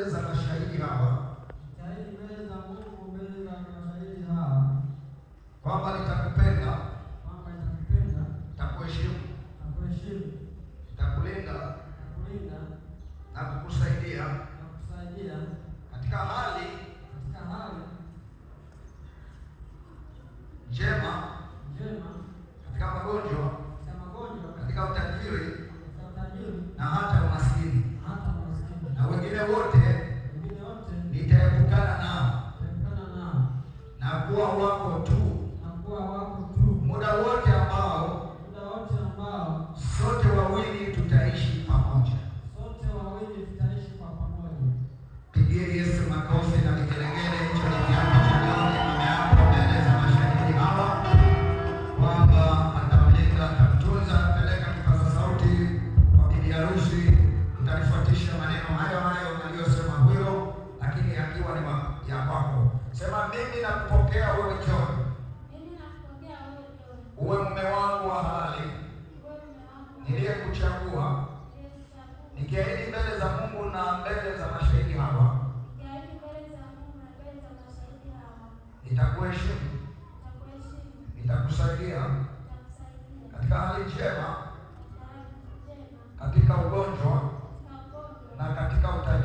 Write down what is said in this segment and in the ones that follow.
za mashahidi hawa kwamba nitakupenda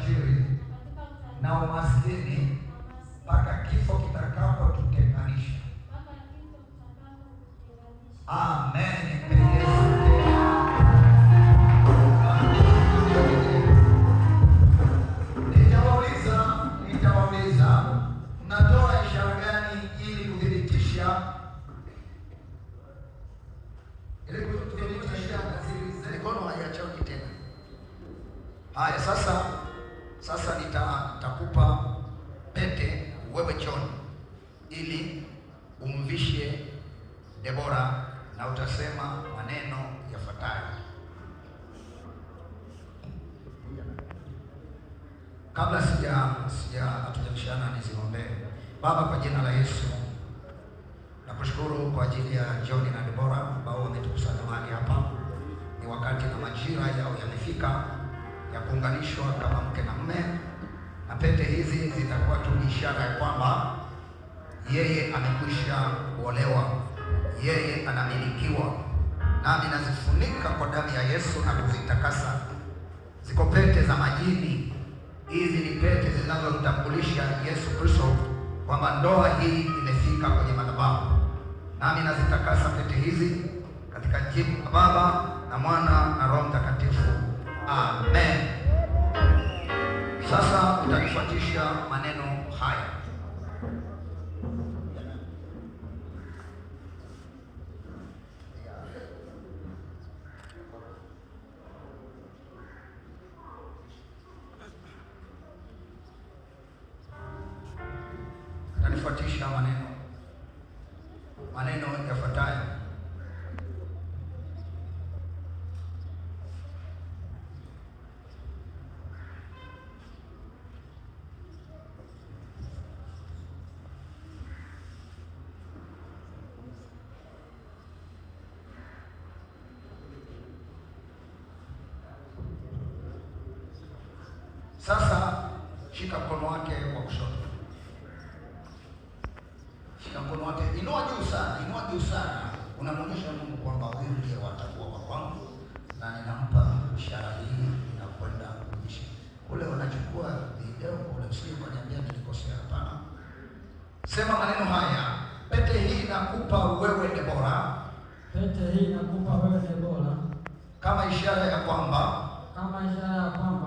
utajiri na umaskini mpaka kifo kitakapotutenganisha. Amen. Kabla sija sija hatujabishana niziombee. Baba, kwa jina la Yesu nakushukuru kwa ajili ya John na Debora ambao wametukusanya mahali hapa. Ni wakati na majira yao yamefika ya kuunganishwa kama mke na mume, na pete hizi zitakuwa tu ishara ya kwamba yeye amekwisha kuolewa, yeye anamilikiwa, nami nazifunika kwa damu ya Yesu na kuzitakasa. Ziko pete za majini Hizi ni pete zinazomtambulisha Yesu Kristo kwamba ndoa hii imefika kwenye madhabahu. Nami nazitakasa pete hizi katika jina la Baba na Mwana na Roho Mtakatifu, amen. Sasa utanifuatisha maneno Sasa shika mkono wake wa kushoto, shika mkono wake, inua juu sana, inua juu sana. Unamwonyesha Mungu kwamba huyu ndiye watakuwa wa kwangu na ninampa ishara hii inakwenda kuishi kule unachukua video ule, usije kuniambia nilikosea. Hapana, sema maneno haya, pete hii nakupa wewe Debora, pete hii nakupa wewe Debora, kama ishara ya kwamba, kama ishara ya kwamba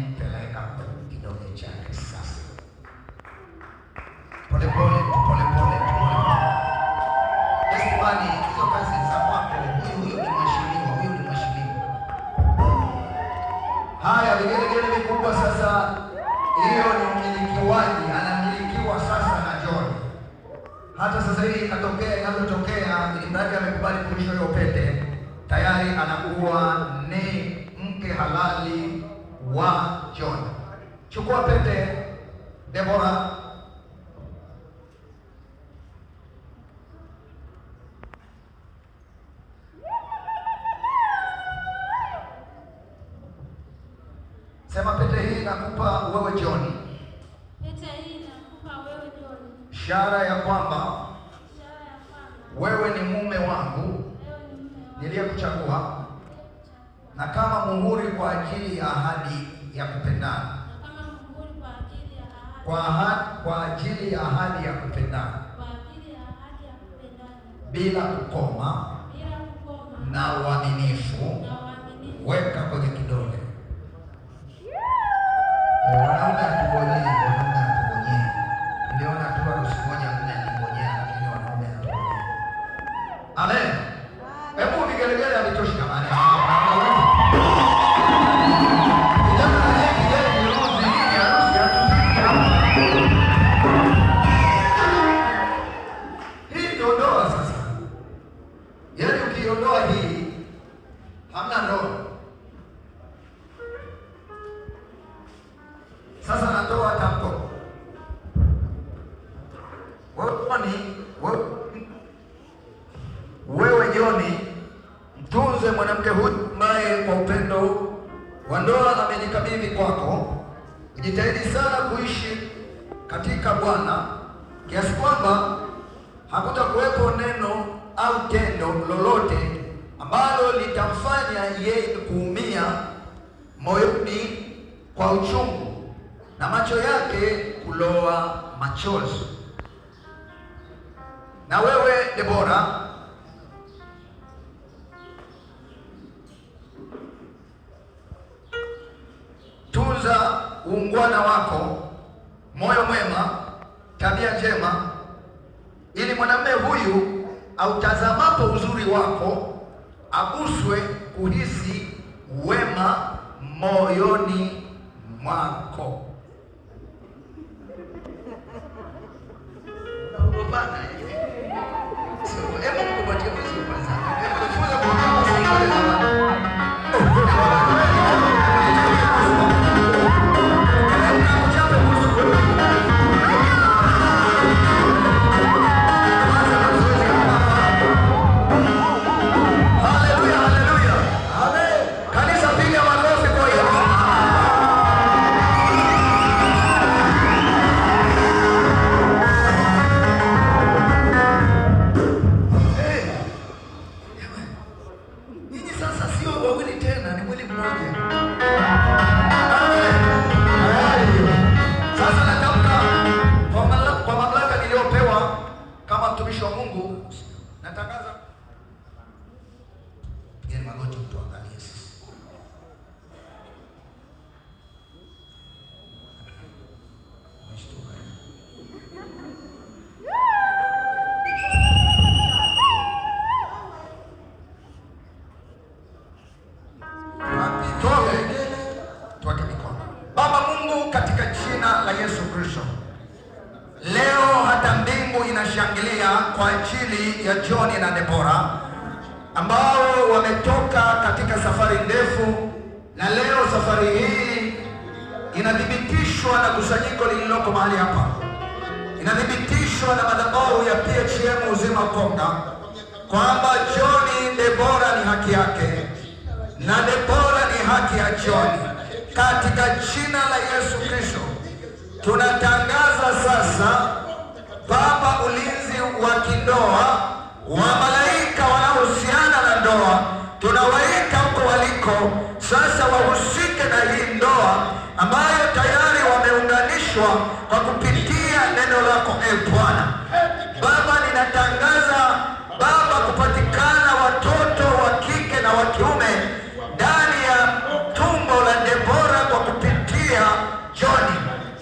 stahili ikatokea inavyotokea, ili mradi amekubali kulisha hiyo pete, tayari anakuwa ni mke halali wa John. Chukua pete Debora, sema pete hii nakupa wewe John, ishara ya kwamba mliochagua na kama muhuri kwa ajili ya ahadi ya kupendana, kwa ahadi, kwa ajili ya ahadi ya kupendana bila kukoma na uaminifu, weka kwenye kidole Amen. katika Bwana kiasi kwamba hakutakuwepo neno au tendo lolote ambalo litamfanya yeye kuumia moyoni kwa uchungu na macho yake kuloa machozi. Na wewe Debora, tunza uungwana wako moyo mwema, tabia njema, ili mwanamume huyu autazamapo uzuri wako aguswe kuhisi wema moyoni mwako. inathibitishwa na kusanyiko lililoko mahali hapa, inathibitishwa na madhabahu ya PHM Uzima Konga kwamba John Debora ni haki yake na Debora ni haki ya John. Katika jina la Yesu Kristo tunatangaza sasa, Baba, ulinzi wa kindoa wa malaika wanaohusiana na ndoa tunawaita huko waliko sasa, wahusike na hii ndoa ambayo tayari wameunganishwa kwa kupitia neno lako e Bwana Baba, ninatangaza Baba kupatikana watoto wa kike na wa kiume ndani ya tumbo la Debora kwa kupitia Joni.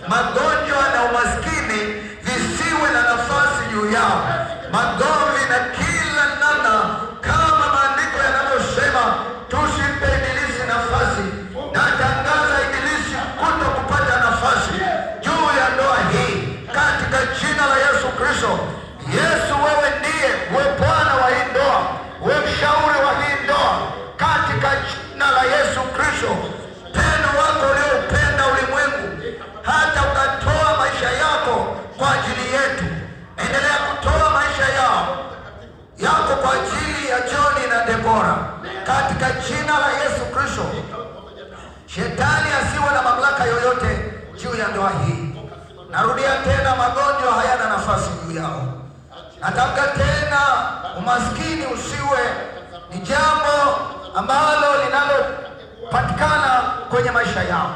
Magonjwa na umaskini visiwe na nafasi juu yao, magomvi na wanaendelea kutoa maisha yao yako kwa ajili ya Joni na Debora katika jina la Yesu Kristo. Shetani asiwe na mamlaka yoyote juu ya ndoa hii. Narudia tena, magonjwa hayana nafasi juu yao. Natamka tena, umaskini usiwe ni jambo ambalo linalopatikana kwenye maisha yao,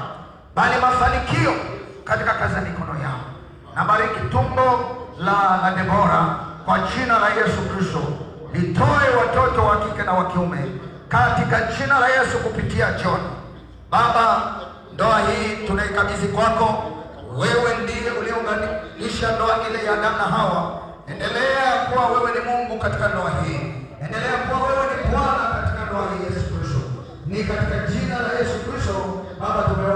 bali mafanikio katika kazi ya mikono yao. Nabariki tumbo la, la Debora kwa jina la Yesu Kristo, nitoe watoto wa kike na wa kiume katika jina la Yesu kupitia John. Baba, ndoa hii tunaikabidhi kwako, wewe ndiye uliunganisha ndoa ile ya Adamu na Hawa. Endelea kuwa wewe ni Mungu katika ndoa hii, endelea kuwa wewe ni Bwana katika ndoa hii, Yesu Kristo. Ni katika jina la Yesu Kristo Baba tumewa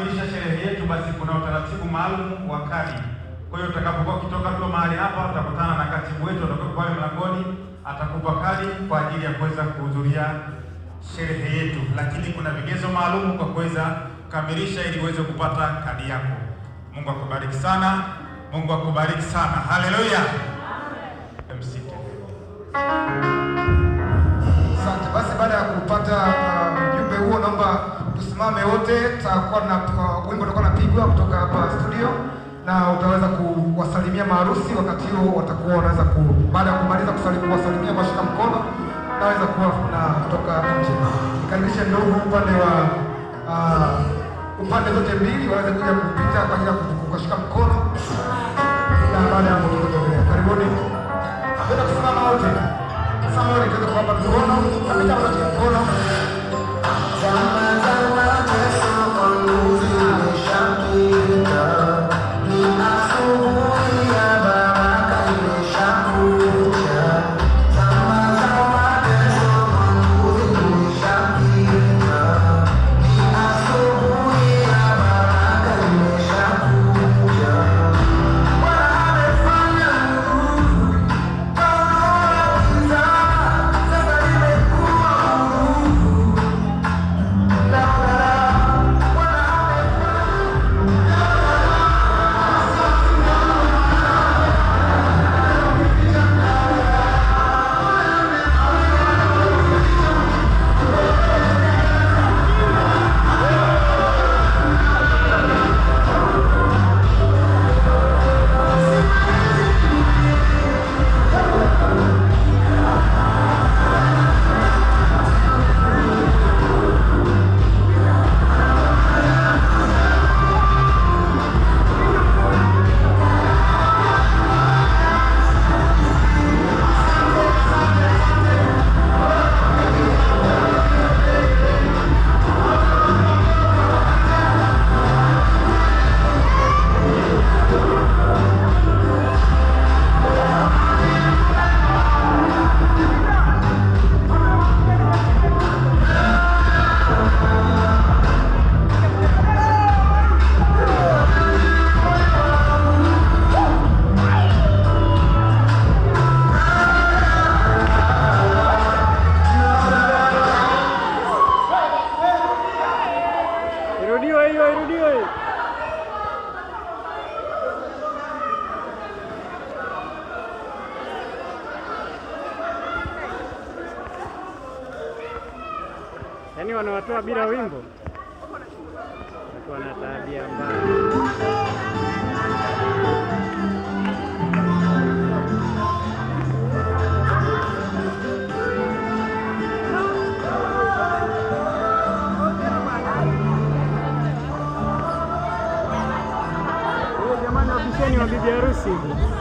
kukamilisha sherehe yetu, basi kuna utaratibu maalum wa kadi. Kwa hiyo utakapokuwa ukitoka tu mahali hapa, utakutana na katibu wetu atakapo mlangoni, atakupa kadi kwa ajili ya kuweza kuhudhuria sherehe yetu, lakini kuna vigezo maalum kwa kuweza kukamilisha ili uweze kupata kadi yako. Mungu akubariki sana, Mungu akubariki sana. Haleluya, msike. Asante. Basi baada ya kupata uh, ujumbe uh, huo naomba tusimame wote, tutakuwa na wimbo tutakuwa napigwa kutoka hapa studio, na utaweza kuwasalimia maharusi. Wakati huo watakuwa wanaweza ku, baada ya kumaliza kusalimia, kwa shika mkono, naweza kuwa na kutoka nje. Nikaribishe ndugu upande wa uh, upande zote mbili waweze kuja kupita kwa ajili ya kushika mkono, na baada ya hapo tutaendelea. Karibuni, napenda kusimama wote, samahani kidogo, kwa mkono na mikono mkono mviringo akiwa na tabia mbaya. Jamani, wabisheni wa bibi harusi.